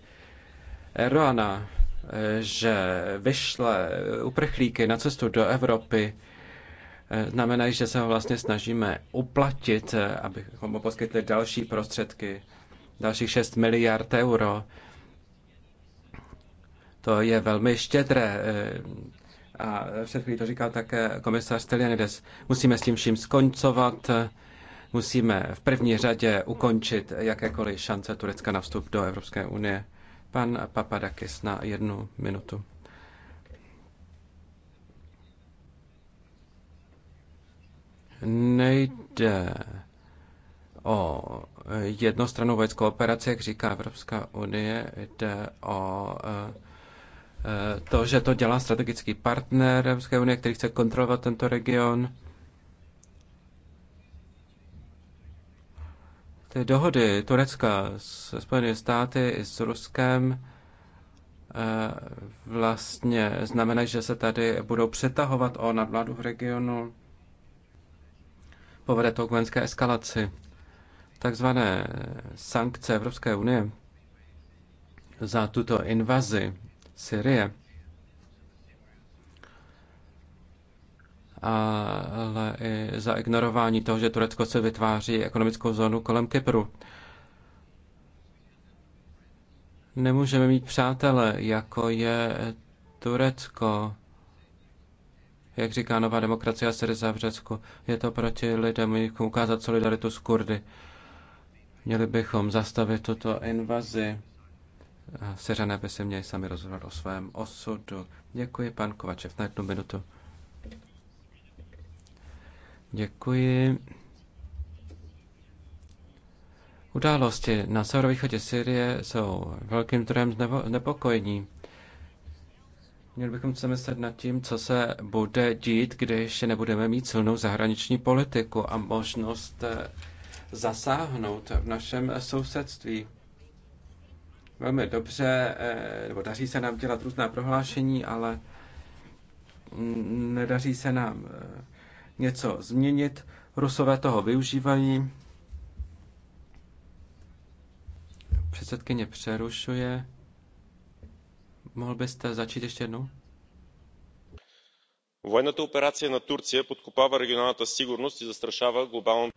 S3: Erdoana, eh, že vyšle uprchlíky na cestu do Evropy, znamenají, že se ho vlastně snažíme uplatit, abychom mu poskytli další prostředky, dalších 6 miliard euro. To je velmi štědré a před chvílí to říkal také komisař Stelianides, musíme s tím vším skoncovat, musíme v první řadě ukončit jakékoliv šance Turecka na vstup do Evropské unie. Pan Papadakis na jednu minutu. Nejde o jednostrannou vojenskou operaci, jak říká Evropská unie, jde o uh, Eh, to, že to dělá strategický partner Evropské unie, který chce kontrolovat tento region. Ty dohody Turecka s Spojenými státy i s Ruskem eh, vlastně znamená, že se tady budou přetahovat o nadvládu v regionu. Povede to k vojenské eskalaci. Takzvané sankce Evropské unie za tuto invazi Syrie. ale i za ignorování toho, že Turecko se vytváří ekonomickou zónu kolem Kypru. Nemůžeme mít přátele, jako je Turecko. Jak říká Nová demokracie Syriza v Řecku, je to proti lidem, jich ukázat solidaritu s Kurdy. Měli bychom zastavit tuto invazi. Seřané by se měli sami rozhodovat o svém osudu. Děkuji, pan Kovačev, na jednu minutu. Děkuji. Události na severovýchodě Syrie jsou velkým trem znepokojení. Měli bychom se myslet nad tím, co se bude dít, když nebudeme mít silnou zahraniční politiku a možnost eh, zasáhnout v našem sousedství velmi dobře, eh, nebo daří se nám dělat různá prohlášení, ale nedaří se nám eh, něco změnit. Rusové toho využívají. Předsedkyně přerušuje. Mohl byste začít ještě jednou?
S2: Военната operace na Турция podkopává regionální sigurnost i zastrašává globální.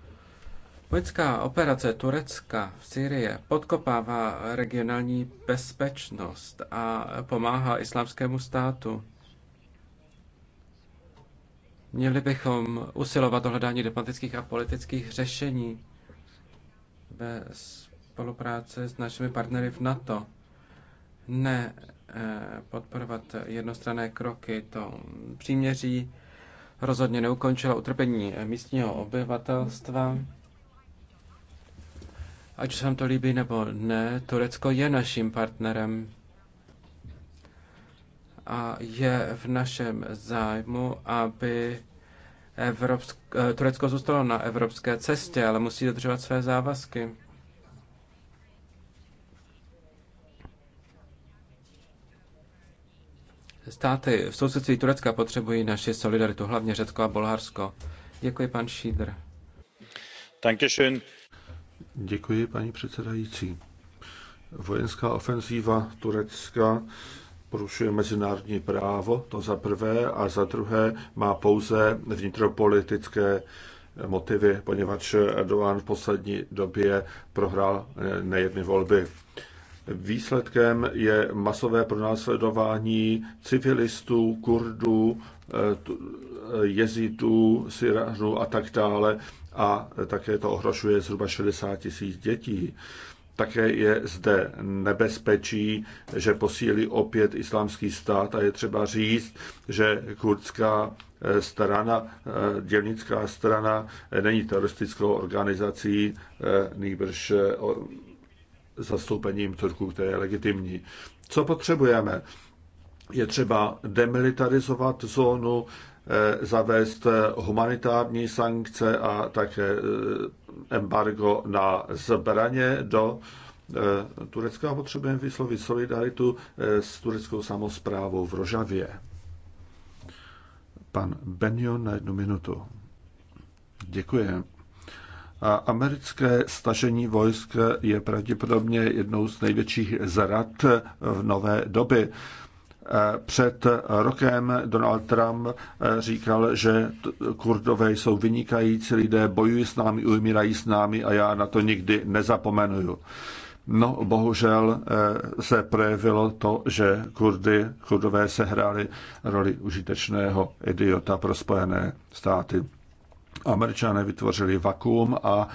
S3: Vojenská operace Turecka v Syrii podkopává regionální bezpečnost a pomáhá islámskému státu. Měli bychom usilovat o hledání diplomatických a politických řešení ve spolupráci s našimi partnery v NATO. Ne eh, podporovat jednostranné kroky, to příměří rozhodně neukončilo utrpení místního obyvatelstva. Ať už se vám to líbí nebo ne, Turecko je naším partnerem a je v našem zájmu, aby Evropsk- eh, Turecko zůstalo na evropské cestě, ale musí dodržovat své závazky. Státy v sousedství Turecka potřebují naši solidaritu, hlavně Řecko a Bulharsko. Děkuji, pan Šídr.
S2: Děkuji. Děkuji, paní předsedající. Vojenská ofenzíva Turecka porušuje mezinárodní právo, to za prvé, a za druhé má pouze vnitropolitické motivy, poněvadž Erdogan v poslední době prohrál eh, nejedny volby. Výsledkem je masové pronásledování civilistů, kurdů, eh, eh, jezitů, syranů a tak dále a také to ohrožuje zhruba 60 tisíc dětí. Také je zde nebezpečí, že posílí opět islámský stát a je třeba říct, že kurdská eh, strana, eh, dělnická strana eh, není teroristickou organizací, nýbrž zastoupením Turků, které je legitimní. Co potřebujeme? Je třeba demilitarizovat zónu, Eh, zavést humanitární sankce a také eh, embargo na zbraně do eh, Turecka a potřebujeme vyslovit solidaritu s tureckou samozprávou v Rožavě. Pan Benjon na jednu minutu. Děkuji. A americké stažení vojsk je pravděpodobně jednou z největších zrad v nové doby. Před rokem Donald Trump eh, říkal, že kurdové jsou vynikající lidé, bojují s námi, umírají s námi a já na to nikdy nezapomenuju. No, bohužel eh, se projevilo to, že kurdy, kurdové se hráli roli užitečného idiota pro spojené státy. Američané vytvořili vakuum a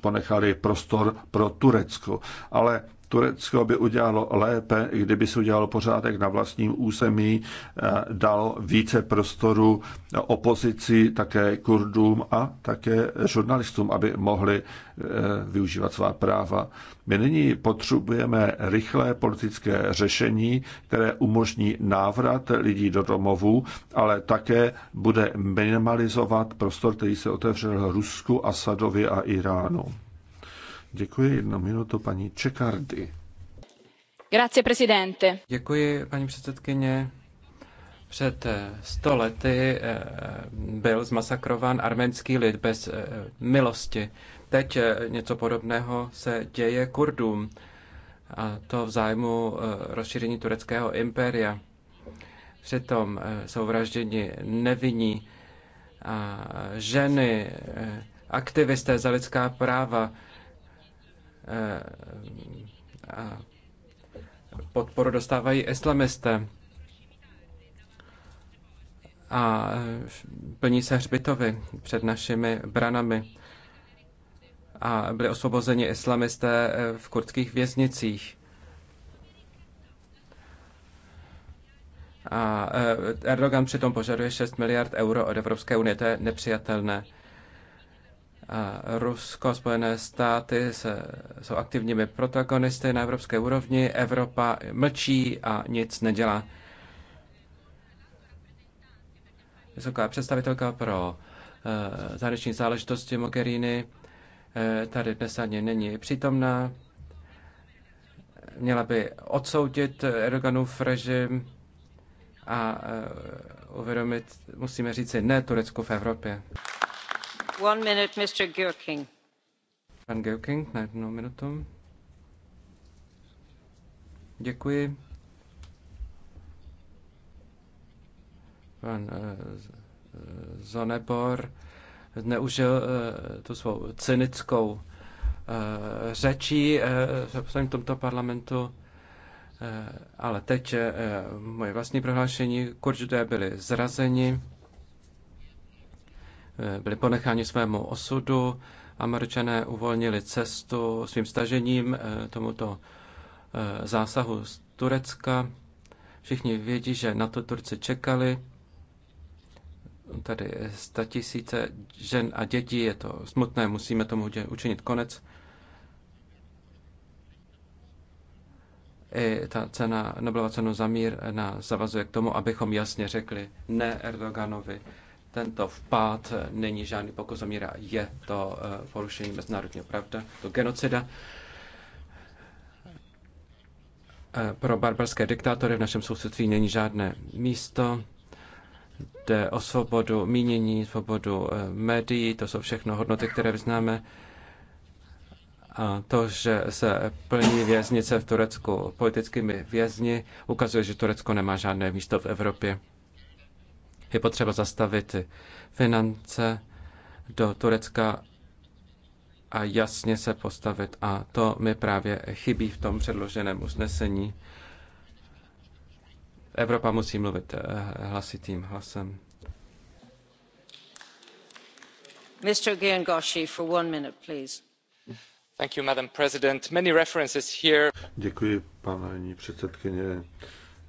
S2: ponechali prostor pro Turecko. Ale Turecko by udělalo lépe, kdyby se udělalo pořádek na vlastním území, eh, dalo více prostoru opozici, také kurdům a také žurnalistům, aby mohli eh, využívat svá práva. My nyní potřebujeme rychlé politické řešení, které umožní návrat lidí do domovů, ale také bude minimalizovat prostor, který se otevřel Rusku, Asadovi a Iránu paní Čekardy.
S3: paní předsedkyně. Před eh, sto lety eh, byl zmasakrován arménský lid bez eh, milosti. Teď něco podobného se děje Kurdům, a to v zájmu rozšíření tureckého impéria. Přitom jsou vražděni nevinní a ženy, aktivisté za lidská práva, Eh, podporu dostávají islamisté a eh, plní se hřbitovy před našimi branami a byli osvobozeni islamisté eh, v kurdských věznicích. A Erdogan přitom požaduje 6 miliard euro od Evropské unie. To je nepřijatelné. Rusko a Spojené státy se, jsou aktivními protagonisty na evropské úrovni. Evropa mlčí a nic nedělá. Vysoká představitelka pro uh, zahraniční záležitosti Mogherini uh, tady dnes ani není přítomná. Měla by odsoudit Erdoganův režim a uh, uvědomit, musíme říci, ne Turecku v Evropě.
S1: One minute, Gürking.
S3: Pan Gürking na eh, eh, zneužil eh, tu svou cynickou řečí v tomto parlamentu ale teď moje vlastní prohlášení, Kurdové byli zrazeni, byli ponecháni svému osudu. Američané uvolnili cestu svým stažením eh, tomuto eh, zásahu z Turecka. Všichni vědí, že na to Turci čekali. Tady sta tisíce žen a dětí, je to smutné, musíme tomu učinit konec. I ta cena, Nobelova cenu za mír nás zavazuje k tomu, abychom jasně řekli ne Erdoganovi tento vpád eh, není žádný pokus o míra, je to eh, porušení mezinárodního pravda, to genocida eh, pro barbarské diktátory v našem sousedství není žádné místo. Jde o svobodu mínění, svobodu médií, to jsou všechno hodnoty, které vyznáme. A to, že se plní věznice v Turecku politickými vězni, ukazuje, že Turecko nemá žádné místo v Evropě je potřeba zastavit finance do Turecka a jasně se postavit. A to mi právě chybí v tom předloženém usnesení. Evropa musí mluvit eh, hlasitým hlasem.
S1: Mr. Giangoshi, for one minute,
S3: please. Thank you, Madam President. Many references
S2: here. Děkuji, paní předsedkyně.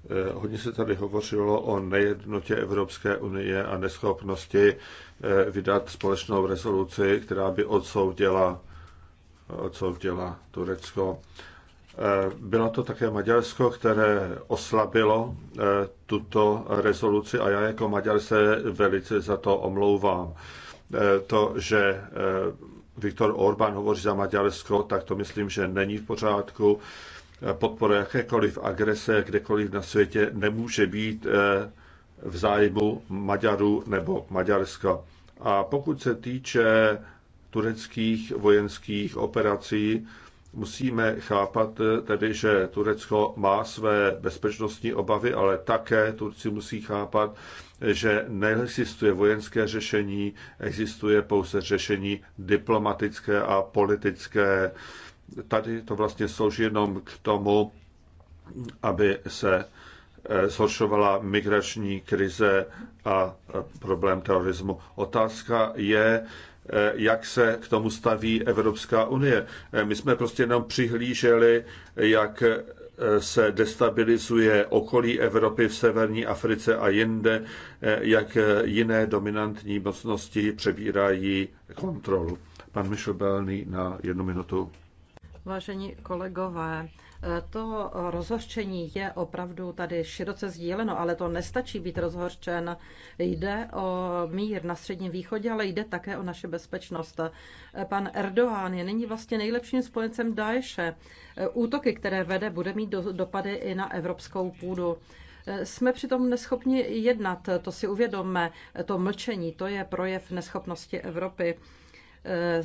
S2: Eh, hodně se tady hovořilo o nejednotě Evropské unie a neschopnosti eh, vydat společnou rezoluci, která by odsoudila, odsoudila Turecko. Eh, bylo to také Maďarsko, které oslabilo tuto rezoluci a já jako Maďar se velice za to omlouvám. To, že Viktor Orbán hovoří za Maďarsko, tak to myslím, že není v pořádku podpora jakékoliv agrese kdekoliv na světě nemůže být eh, v zájmu Maďarů nebo Maďarska. A pokud se týče tureckých vojenských operací, musíme chápat eh, tedy, že Turecko má své bezpečnostní obavy, ale také Turci musí chápat, že neexistuje vojenské řešení, existuje pouze řešení diplomatické a politické tady to vlastně slouží jenom k tomu, aby se eh, zhoršovala migrační krize a problém terorismu. Otázka je, eh, jak se k tomu staví Evropská unie. Eh, my jsme prostě jenom přihlíželi, jak se destabilizuje okolí Evropy v severní Africe a jinde, jak jiné dominantní mocnosti přebírají kontrolu. Pan Michel Belný na jednu minutu.
S1: Vážení kolegové, to rozhořčení je opravdu tady široce sdíleno, ale to nestačí být rozhořčen. Jde o mír na Středním východě, ale jde také o naše bezpečnost. Pan Erdoğan je nyní vlastně nejlepším spojencem Daeše. Útoky, které vede, bude mít do, dopady i na evropskou půdu. Jsme přitom neschopni jednat, to si uvědomme. To mlčení, to je projev neschopnosti Evropy. Eh,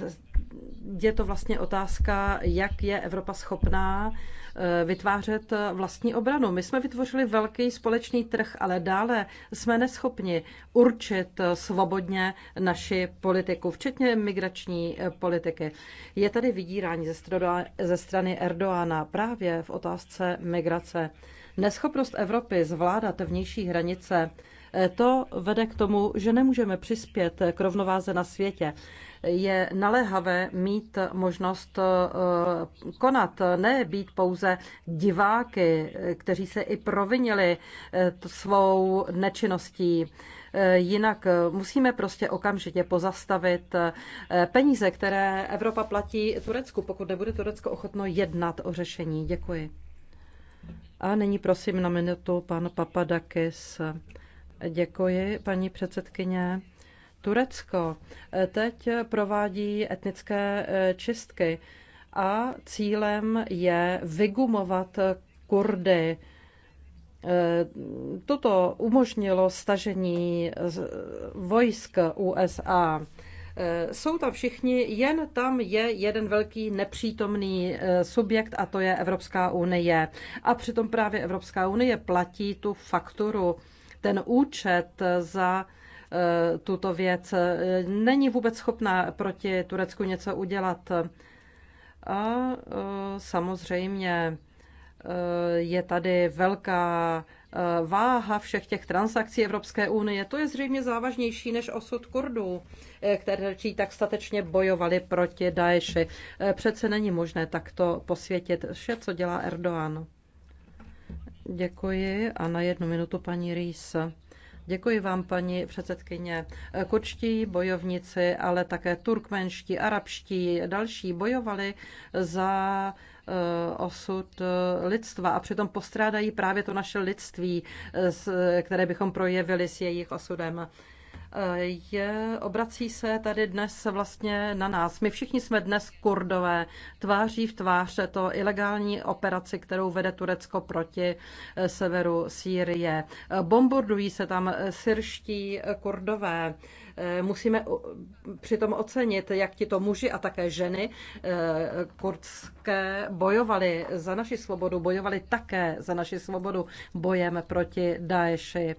S1: je to vlastně otázka, jak je Evropa schopná eh, vytvářet vlastní obranu. My jsme vytvořili velký společný trh, ale dále jsme neschopni určit svobodně naši politiku, včetně migrační eh, politiky. Je tady vydírání ze, stroda, ze strany Erdoána právě v otázce migrace. Neschopnost Evropy zvládat vnější hranice Eh, to vede k tomu, že nemůžeme přispět k rovnováze na světě. Je naléhavé mít možnost eh, konat, ne být pouze diváky, kteří se i provinili eh, svou nečinností. Jinak musíme prostě okamžitě pozastavit peníze, které Evropa platí Turecku, pokud nebude Turecko ochotno jednat o řešení. Děkuji. A nyní prosím na minutu pan Papadakis. Děkuji, paní předsedkyně. Turecko eh, teď provádí etnické eh, čistky a cílem je vygumovat Kurdy. Eh, toto umožnilo stažení vojsk USA. Jsou tam všichni, jen tam je jeden velký nepřítomný subjekt a to je Evropská unie. A přitom právě Evropská unie platí tu fakturu ten účet za eh, tuto věc. Eh, není vůbec schopná proti Turecku něco udělat. A eh, samozřejmě je tady velká váha všech těch transakcí Evropské unie. To je zřejmě závažnější než osud Kurdů, kteří tak statečně bojovali proti Daeši. Přece není možné takto posvětit vše, co dělá Erdoğan. Děkuji a na jednu minutu paní Rýs. Děkuji vám, paní předsedkyně. Kočtí bojovníci, ale také turkmenští, arabští, další bojovali za eh, osud eh, lidstva a přitom postrádají právě to naše lidství, které bychom projevili s jejich osudem je, obrací se tady dnes vlastně na nás. My všichni jsme dnes kurdové, tváří v tvář to ilegální operaci, kterou vede Turecko proti eh, severu Sýrie. Bombardují se tam eh, syrští kurdové. Eh, musíme přitom ocenit, jak ti to muži a také ženy kurdské bojovali za naši svobodu, bojovali také za naši svobodu bojem proti Daeši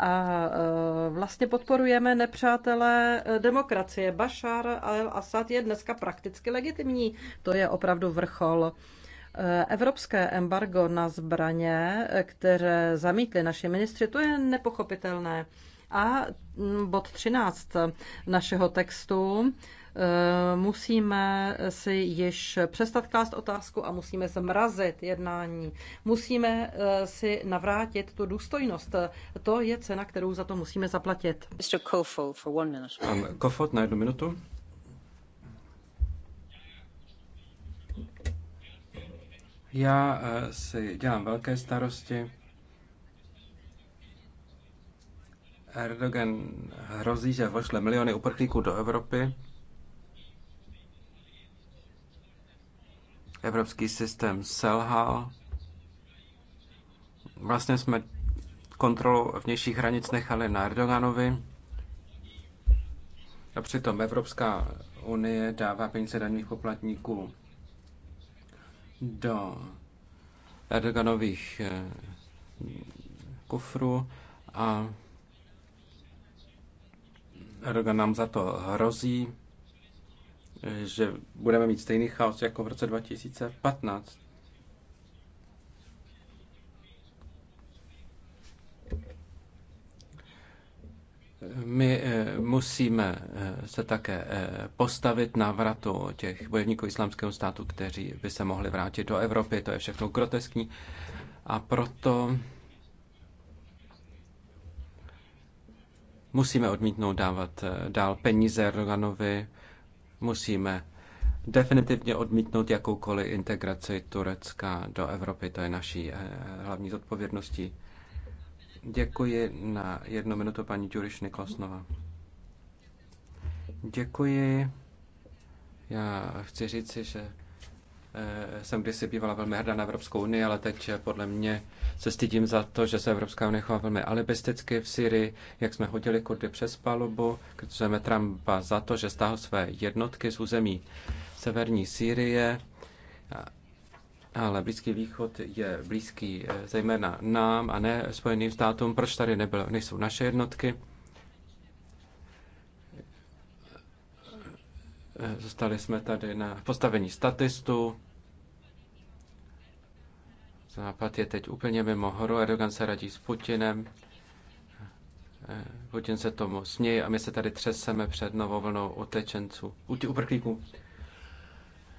S1: a e, vlastně podporujeme nepřátelé e, demokracie. Bashar al-Assad je dneska prakticky legitimní. To je opravdu vrchol. E, evropské embargo na zbraně, které zamítli naši ministři, to je nepochopitelné. A bod 13 našeho textu Eh, musíme si již přestat klást otázku a musíme zmrazit jednání. Musíme eh, si navrátit tu důstojnost. To je cena, kterou za to musíme zaplatit. Mr. Kofod,
S3: Kofod na jednu minutu. Já eh, si dělám velké starosti. Erdogan hrozí, že vošle miliony uprchlíků do Evropy Evropský systém selhal. Vlastně jsme kontrolu vnějších hranic nechali na Erdoganovi. A přitom Evropská unie dává peníze daných poplatníků do Erdoganových eh, kufrů a Erdogan nám za to hrozí že budeme mít stejný chaos jako v roce 2015. My eh, musíme eh, se také eh, postavit návratu těch bojovníků islámského státu, kteří by se mohli vrátit do Evropy. To je všechno groteskní. A proto musíme odmítnout dávat dál peníze Erdoganovi, Musíme definitivně odmítnout jakoukoliv integraci Turecka do Evropy. To je naší eh, hlavní zodpovědností. Děkuji na jednu minutu paní Ďuriš Niklosnova. Děkuji. Já chci říci, že Eh, jsem kdysi bývala velmi hrdá na Evropskou unii, ale teď eh, podle mě se stydím za to, že se Evropská unie chová velmi alibisticky v Syrii, jak jsme hodili kurdy přes palubu, kritizujeme Trumpa za to, že stáhl své jednotky z území severní Sýrie, ale Blízký východ je blízký eh, zejména nám a ne Spojeným státům. Proč tady nebyl, nejsou naše jednotky? Eh, Zostali jsme tady na postavení statistů. Západ je teď úplně mimo horu. Erdogan se radí s Putinem. Eh, Putin se tomu směje a my se tady třeseme před novou vlnou utečenců, uprchlíků.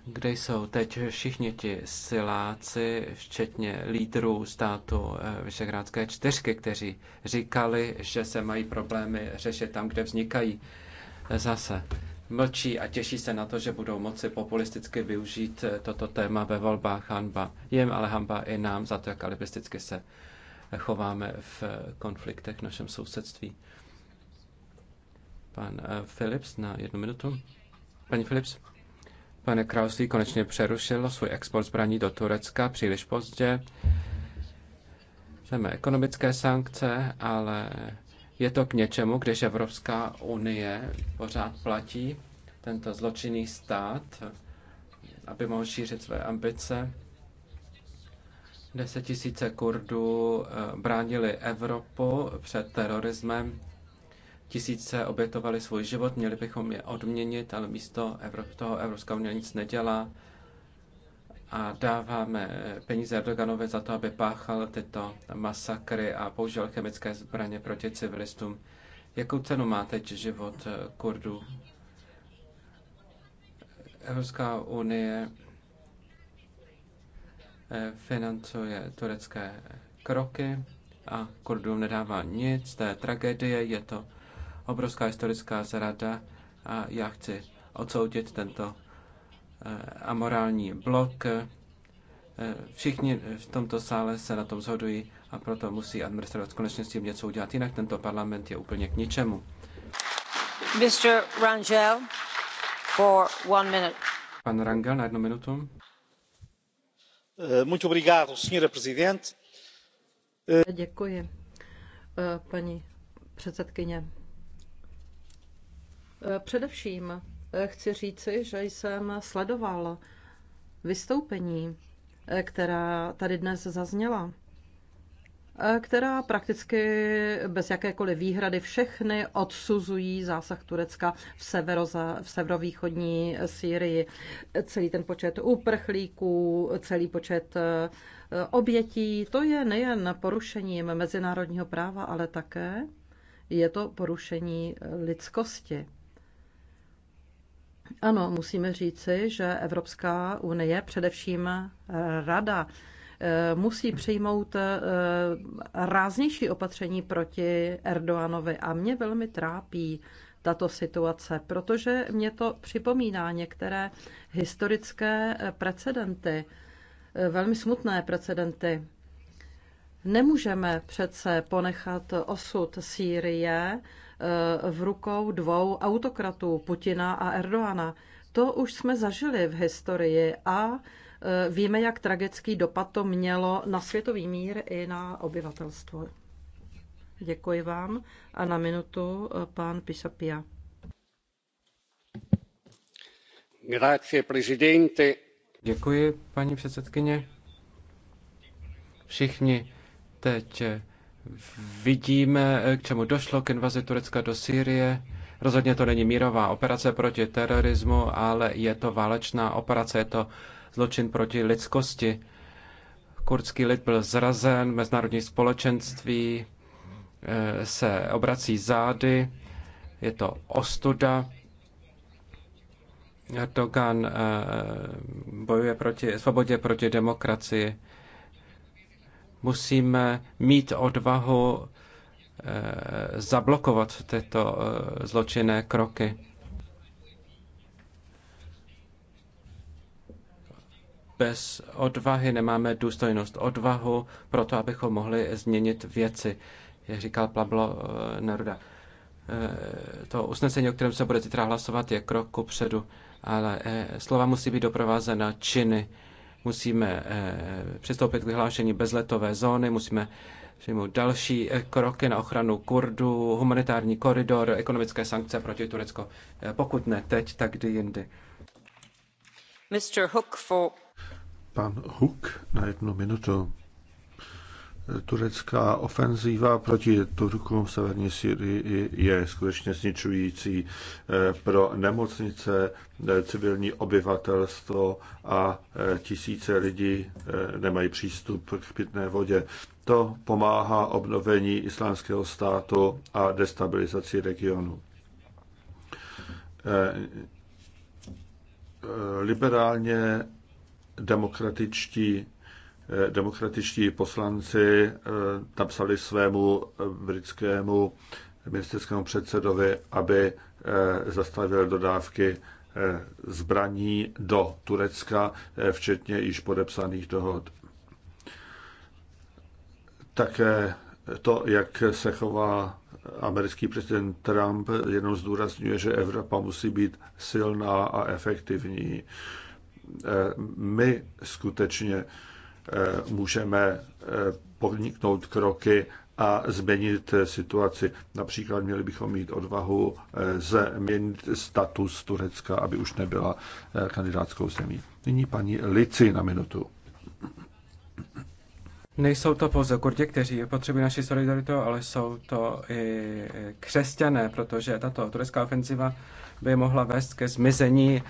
S3: Kde jsou teď všichni ti siláci, včetně lídrů státu eh, Vyšegrádské čtyřky, kteří říkali, že se mají problémy řešit tam, kde vznikají zase mlčí a těší se na to, že budou moci populisticky využít eh, toto téma ve volbách hanba. Jim ale hanba i nám za to, jak alibisticky se chováme v eh, konfliktech v našem sousedství. Pan eh, Philips na jednu minutu. Paní Philips. Pane Krauslí konečně přerušilo svůj export zbraní do Turecka příliš pozdě. Chceme ekonomické sankce, ale je to k něčemu, když Evropská unie pořád platí tento zločinný stát, aby mohl šířit své ambice. Desetitisíce Kurdů eh, bránili Evropu před terorismem. Tisíce obětovali svůj život, měli bychom je odměnit, ale místo toho Evropská unie nic nedělá a dáváme eh, peníze Erdoganovi za to, aby páchal tyto masakry a použil chemické zbraně proti civilistům. Jakou cenu má teď život eh, Kurdů? Evropská unie eh, financuje turecké kroky a Kurdům nedává nic. To je tragédie, je to obrovská historická zrada a já chci odsoudit tento Eh, amorální blok. Eh, všichni v tomto sále se na tom shodují a proto musí administrovat konečně s tím něco udělat, jinak tento parlament je úplně k ničemu.
S1: Mr. Rangel, for one minute.
S3: Pan Rangel na jednu minutu. Eh, muito obrigado, senhora presidente.
S1: Děkuji, paní předsedkyně. Především chci říci, že jsem sledoval vystoupení, která tady dnes zazněla, která prakticky bez jakékoliv výhrady všechny odsuzují zásah Turecka v, severoza, v severovýchodní Sýrii. Celý ten počet úprchlíků, celý počet eh, obětí, to je nejen porušením mezinárodního práva, ale také je to porušení lidskosti. Ano, musíme říci, že Evropská unie, především eh, Rada, eh, musí přijmout eh, ráznější opatření proti Erdoanovi. A mě velmi trápí tato situace, protože mě to připomíná některé historické precedenty, velmi smutné precedenty. Nemůžeme přece ponechat osud Sýrie v rukou dvou autokratů, Putina a Erdoana. To už jsme zažili v historii a e, víme, jak tragický dopad to mělo na světový mír i na obyvatelstvo. Děkuji vám a na minutu
S3: e, pán Pisapia. Děkuji, paní předsedkyně. Všichni teď Vidíme, k čemu došlo k invazi Turecka do Sýrie. Rozhodně to není mírová operace proti terorismu, ale je to válečná operace, je to zločin proti lidskosti. Kurdský lid byl zrazen, mezinárodní společenství eh, se obrací zády, je to ostuda. Erdogan eh, bojuje proti svobodě, proti demokracii. Musíme mít odvahu eh, zablokovat tyto eh, zločinné kroky. Bez odvahy nemáme důstojnost. Odvahu pro to, abychom mohli změnit věci, jak říkal Pablo eh, Neruda. To usnesení, o kterém se bude zítra hlasovat, je krok ku předu, ale slova musí být doprovázena činy musíme eh, přistoupit k vyhlášení bezletové zóny, musíme přijmout další eh, kroky na ochranu Kurdů, humanitární koridor, ekonomické sankce proti Turecko. Eh, pokud ne teď, tak kdy jindy.
S1: Mr. Hook for...
S2: Pan Hook na jednu minutu turecká ofenzíva proti Turkům v severní Syrii je skutečně zničující eh, pro nemocnice, eh, civilní obyvatelstvo a eh, tisíce lidí nemají přístup k pitné vodě. To pomáhá obnovení islámského státu a destabilizaci regionu. Liberálně demokratičtí demokratičtí poslanci eh, napsali svému eh, britskému ministerskému předsedovi, aby eh, zastavil dodávky zbraní do Turecka, včetně již podepsaných dohod. Také to, jak se chová americký prezident Trump, jenom zdůrazňuje, že Evropa musí být silná a efektivní. My skutečně Eh, můžeme eh, podniknout kroky a změnit situaci. Například měli bychom mít odvahu eh, změnit status Turecka, aby už nebyla kandidátskou zemí. Nyní paní Lici na minutu.
S3: Nejsou to pouze Kurdi, kteří potřebují naši solidaritu, ale jsou to i křesťané, protože tato turecká ofenziva by mohla vést ke zmizení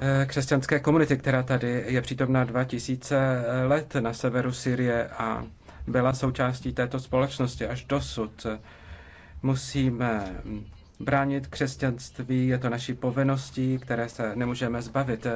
S3: Eh, křesťanské komunity, která tady je přítomná 2000 eh, let na severu Syrie a byla součástí této společnosti až dosud. Musíme mm, bránit křesťanství, je to naší povinností, které se nemůžeme zbavit.